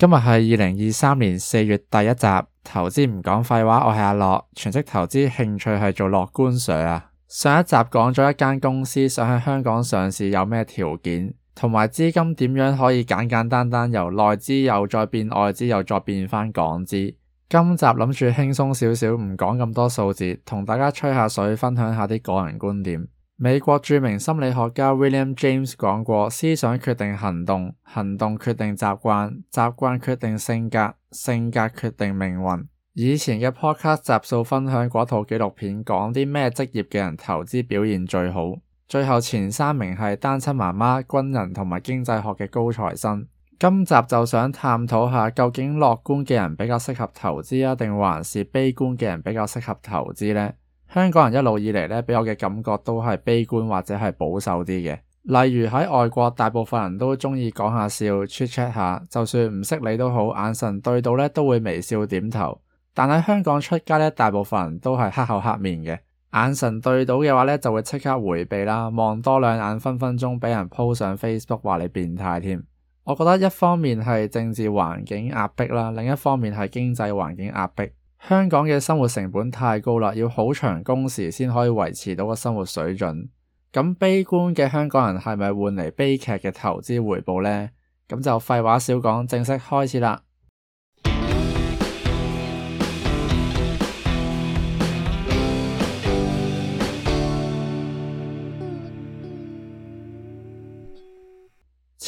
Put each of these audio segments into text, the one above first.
今日係二零二三年四月第一集，投資唔講廢話。我係阿樂，全職投資興趣係做樂觀水啊。上一集講咗一間公司想喺香港上市有咩條件，同埋資金點樣可以簡簡單單由內資又再變外資又再變返港資。今集諗住輕鬆少少，唔講咁多數字，同大家吹下水，分享下啲個人觀點。美國著名心理學家 William James 講過：思想決定行動，行動決定習慣，習慣決定性格，性格決定命運。以前嘅 Podcast 集數分享嗰套紀錄片，講啲咩職業嘅人投資表現最好？最後前三名係單親媽媽、軍人同埋經濟學嘅高材生。今集就想探討下，究竟樂觀嘅人比較適合投資啊，定還是悲觀嘅人比較適合投資呢？香港人一路以嚟呢，畀我嘅感覺都係悲觀或者係保守啲嘅。例如喺外國，大部分人都鍾意講下笑出 check 下， 就算唔識你都好，眼神對到呢都會微笑點頭。但喺香港出街呢，大部分人都係黑口黑面嘅，眼神對到嘅話呢，就會即刻回避啦，望多兩眼分分鐘畀人鋪上 Facebook 話你變態添。我覺得一方面係政治環境壓迫啦，另一方面係經濟環境壓迫。香港嘅生活成本太高啦，要好長工時先可以維持到個生活水準。咁悲觀嘅香港人係咪換嚟悲劇嘅投資回報呢？咁就廢話少講，正式開始啦。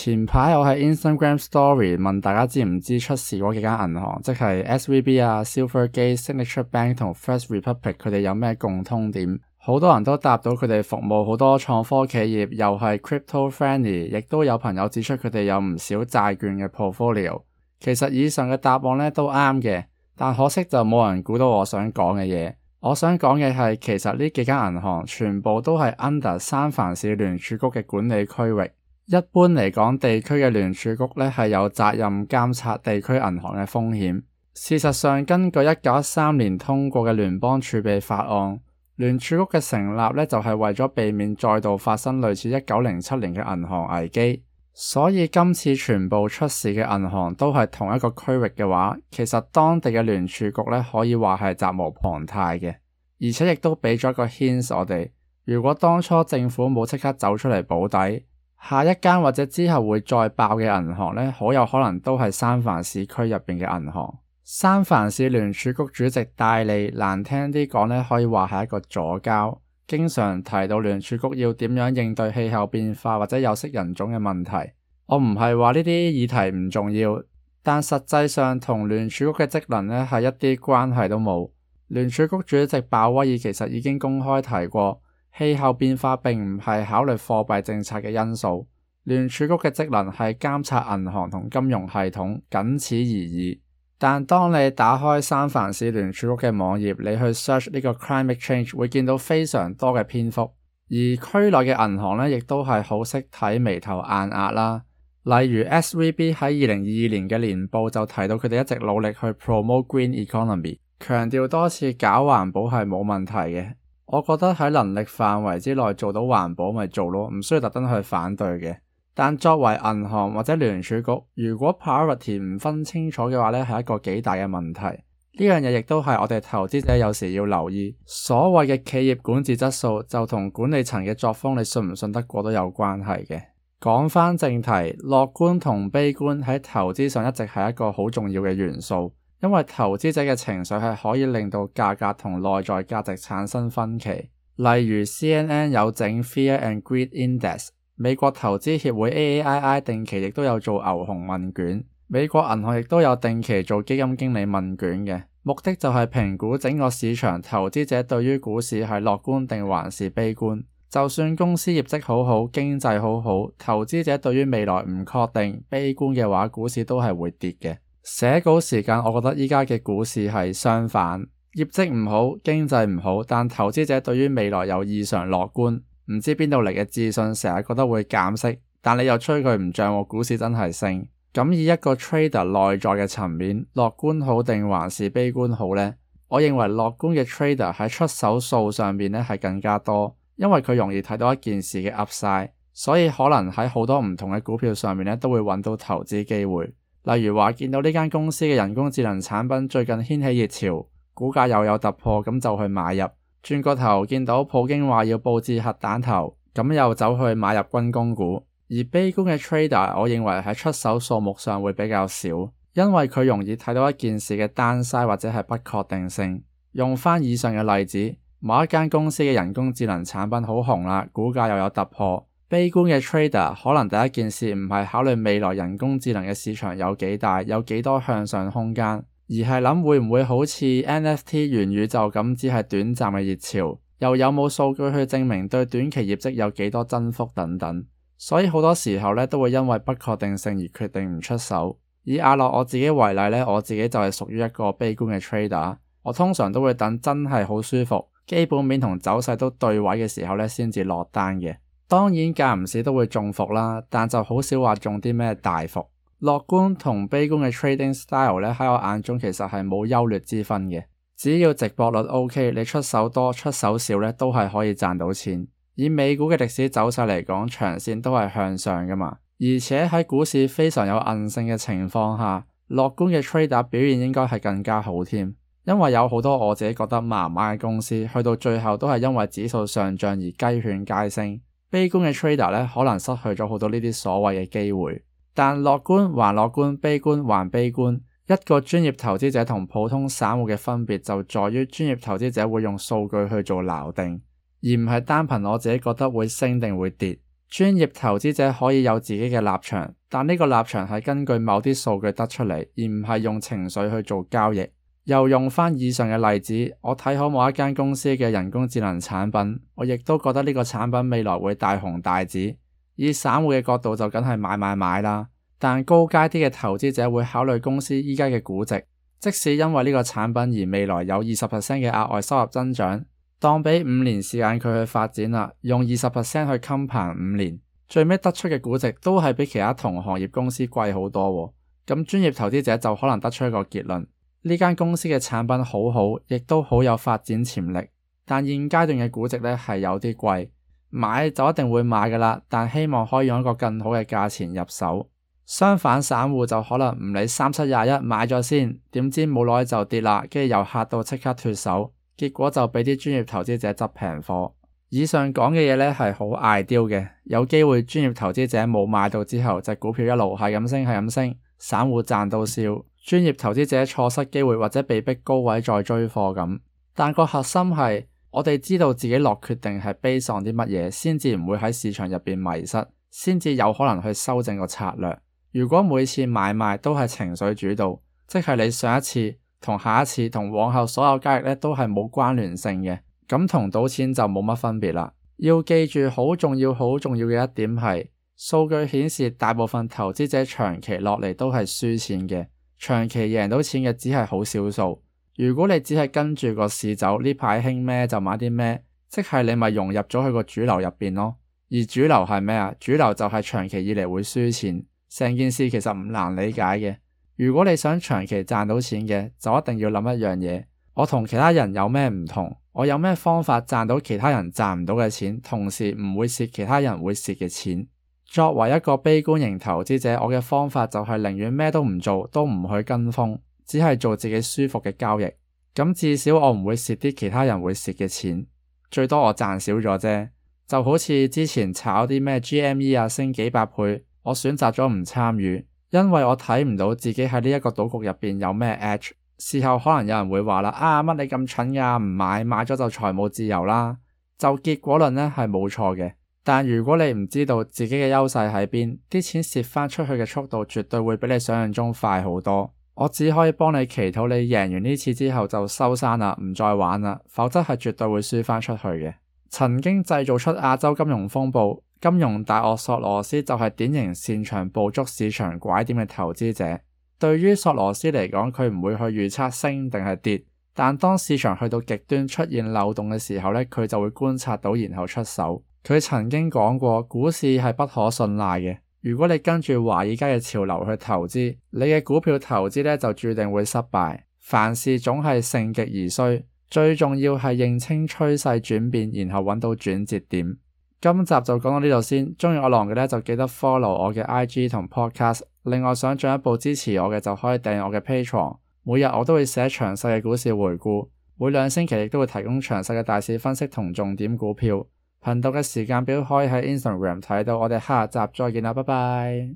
前排我喺 Instagram Story 問大家知唔知出事嗰幾間銀行，即係 SVB 啊、Silvergate、Signature Bank 同 First Republic，佢哋有咩共通點？好多人都答到佢哋服務好多創科企業，又係 crypto friendly，亦都有朋友指出佢哋有唔少債券嘅 portfolio。其實以上嘅答案呢都啱嘅，但可惜就冇人估到我想講嘅嘢。我想講嘅係，其實呢幾間銀行全部都係 under 三藩市聯儲局嘅管理區域。一般嚟講，地區嘅聯儲局咧，係有責任監察地區銀行嘅風險。事實上，根據一九一三年通過嘅聯邦儲備法案，聯儲局嘅成立咧，就係為咗避免再度發生類似一九零七年嘅銀行危機。所以今次全部出事嘅銀行都係同一個區域嘅話，其實當地嘅聯儲局咧，可以話係責無旁貸嘅，而且亦都俾咗個 hint 我哋。如果當初政府冇即刻走出嚟，保底，下一間或者之後會再爆嘅銀行呢，好有可能都係三藩市區入邊嘅銀行。三藩市聯儲局主席戴利，難聽啲講呢，可以話係一個左膠，經常提到聯儲局要點樣應對氣候變化或者有色人種嘅問題。我唔係話呢啲議題唔重要，但實際上同聯儲局嘅職能呢係一啲關係都冇。聯儲局主席鮑威爾其實已經公開提過。氣候變化並唔係考慮貨幣政策嘅因素。聯儲局嘅職能係監察銀行同金融系統，僅此而已。但當你打開三藩市聯儲局嘅網頁，你去 search 呢個 climate change，會見到非常多嘅篇幅。而區內嘅銀行呢，亦都係好識睇眉頭眼額啦。例如 SVB 喺二零二二年嘅年報就提到佢哋一直努力去 promote green economy，強調多次搞環保係冇問題嘅。我覺得喺能力範圍之內做到環保咪做咯，唔需要特登去反對嘅。但作為銀行或者聯儲局，如果 priority 唔分清楚嘅話呢，係一個幾大嘅問題。呢樣嘢亦都係我哋投資者有時要留意。所謂嘅企業管治質素，就同管理層嘅作風，你信唔信得過都有關係嘅。講返正題，樂觀同悲觀喺投資上一直係一個好重要嘅元素。因為投資者嘅情緒係可以令到價格同內在價值產生分歧，例如 CNN 有整 Fear and Greed Index，美國投資協會 AAII 定期亦都有做牛熊問卷，美國銀行亦都有定期做基金經理問卷嘅，目的就係評估整個市場投資者對於股市係樂觀定還是悲觀。就算公司業績好好、經濟好好，投資者對於未來唔確定悲觀嘅話，股市都係會跌嘅。寫稿時間，我覺得依家嘅股市係相反，業績唔好，經濟唔好，但投資者對於未來有異常樂觀，唔知邊度嚟嘅自信，成日覺得會減息，但你又吹佢唔漲喎，股市真係升。咁以一個 trader 內在嘅層面，樂觀好定還是悲觀好呢？我認為樂觀嘅 trader 喺出手數上面咧係更加多，因為佢容易睇到一件事嘅 upside，所以可能喺好多唔同嘅股票上面咧都會揾到投資機會。例如話見到呢間公司嘅人工智能產品最近掀起熱潮，股價又有突破，咁就去買入。轉個頭見到普京話要布置核彈頭，咁又走去買入軍工股。而悲觀嘅 trader，我認為喺出手數目上會比較少，因為佢容易睇到一件事嘅 downside 或者係不確定性。用翻以上嘅例子，某一間公司嘅人工智能產品好紅啦，股價又有突破。悲觀嘅 trader，可能第一件事唔係考慮未來人工智能嘅市場有幾大，有幾多向上空間，而係諗會唔會好似 NFT 元宇宙咁，只係短暫嘅熱潮，又有冇數據去證明對短期業績有幾多增幅等等。所以好多時候呢，都會因為不確定性而決定唔出手。以阿樂我自己為例呢，我自己就係屬於一個悲觀嘅 trader，我通常都會等真係好舒服，基本面同走勢都對位嘅時候呢，先至落單嘅。當然間唔時都會中伏啦，但就好少話中啲咩大伏。樂觀同悲觀嘅 trading style 呢，喺我眼中其實係冇優劣之分嘅。只要直播率 OK，你出手多出手少呢，都係可以賺到錢。以美股嘅歷史走勢嚟講，長線都係向上噶嘛。而且喺股市非常有韌性嘅情況下，樂觀嘅 trader 表現應該係更加好添，因為有好多我自己覺得麻麻嘅公司去到最後都係因為指數上漲而雞犬皆升。悲觀嘅 trader 可能失去咗好多呢啲所謂嘅機會。但樂觀還樂觀，悲觀還悲觀。一個專業投資者同普通散戶嘅分別就在於專業投資者會用數據去做錨定，而唔係單憑我自己覺得會升定會跌。專業投資者可以有自己嘅立場，但呢個立場係根據某啲數據得出嚟，而唔係用情緒去做交易。又用翻以上嘅例子，我睇好某一間公司嘅人工智能產品，我亦都覺得呢個產品未來會大紅大紫。以散戶嘅角度就梗係買買買啦，但高階啲嘅投資者會考慮公司依家嘅估值，即使因為呢個產品而未來有二十 percent 嘅額外收入增長，當俾五年時間佢去發展啦，用二十 percent 去襟盤五年，最尾得出嘅估值都係比其他同行業公司貴好多喎。咁專業投資者就可能得出一個結論。.呢間公司嘅產品好好，亦都好有發展潛力，但現階段嘅估值呢係有啲貴，買就一定會買噶啦，但希望可以用一個更好嘅價錢入手。相反，散戶就可能唔理三七廿一買咗先，點知冇耐就跌啦，跟住又嚇到即刻脫手，結果就俾啲專業投資者執平貨。以上講嘅嘢咧係好 ideal 嘅，有機會專業投資者冇買到之後，隻股票一路係咁升係咁升，散戶賺到笑。專業投資者錯失機會，或者被逼高位再追貨咁，但個核心係我哋知道自己落決定係悲喪啲乜嘢，先至唔會喺市場入邊迷失，先至有可能去修正個策略。如果每次買賣都係情緒主導，即係你上一次同下一次同往後所有交易呢都係冇關聯性嘅，咁同賭錢就冇乜分別啦。要記住好重要好重要嘅一點係，數據顯示大部分投資者長期落嚟都係輸錢嘅。長期贏到錢嘅只係好少數。如果你只係跟住個市走，呢排興咩就買啲咩，即係你咪融入咗去個主流入邊咯。而主流係咩啊？主流就係長期以嚟會輸錢。成件事其實唔難理解嘅。如果你想長期賺到錢嘅，就一定要諗一樣嘢：我同其他人有咩唔同？我有咩方法賺到其他人賺唔到嘅錢，同時唔會蝕其他人會蝕嘅錢？作為一個悲觀型投資者，我嘅方法就係寧願咩都唔做，都唔去跟風，只係做自己舒服嘅交易。咁至少我唔會蝕啲其他人會蝕嘅錢，最多我賺少咗啫。就好似之前炒啲咩 GME 啊，升幾百倍，我選擇咗唔參與，因為我睇唔到自己喺呢一個賭局入面有咩 edge。事後可能有人會話啦，啊乜你咁蠢㗎，啊，唔買買咗就財務自由啦。就結果論呢係冇錯嘅。但如果你唔知道自己嘅優勢喺邊，啲錢蝕翻出去嘅速度絕對會比你想象中快好多。我只可以幫你祈禱，你贏完呢次之後就收山啦，唔再玩啦，否則係絕對會輸翻出去嘅。曾經製造出亞洲金融風暴、金融大鱷索羅斯就係典型擅長捕捉市場拐點嘅投資者。對於索羅斯嚟講，佢唔會去預測升定係跌，但當市場去到極端出現漏洞嘅時候呢，佢就會觀察到然後出手。佢曾經講過，股市係不可信賴嘅。如果你跟住華爾街嘅潮流去投資，你嘅股票投資呢就注定會失敗。凡事總係盛極而衰，最重要係認清趨勢轉變，然後搵到轉折點。今集就講到呢度先。鍾意我郎嘅呢就記得 follow 我嘅 IG 同 Podcast。另外想進一步支持我嘅就可以訂閱我嘅 Patreon。每日我都會寫詳細嘅股市回顧，每兩星期亦都會提供詳細嘅大市分析同重點股票。頻道嘅時間表可以喺 Instagram 睇到，我哋下集再見啦，拜拜。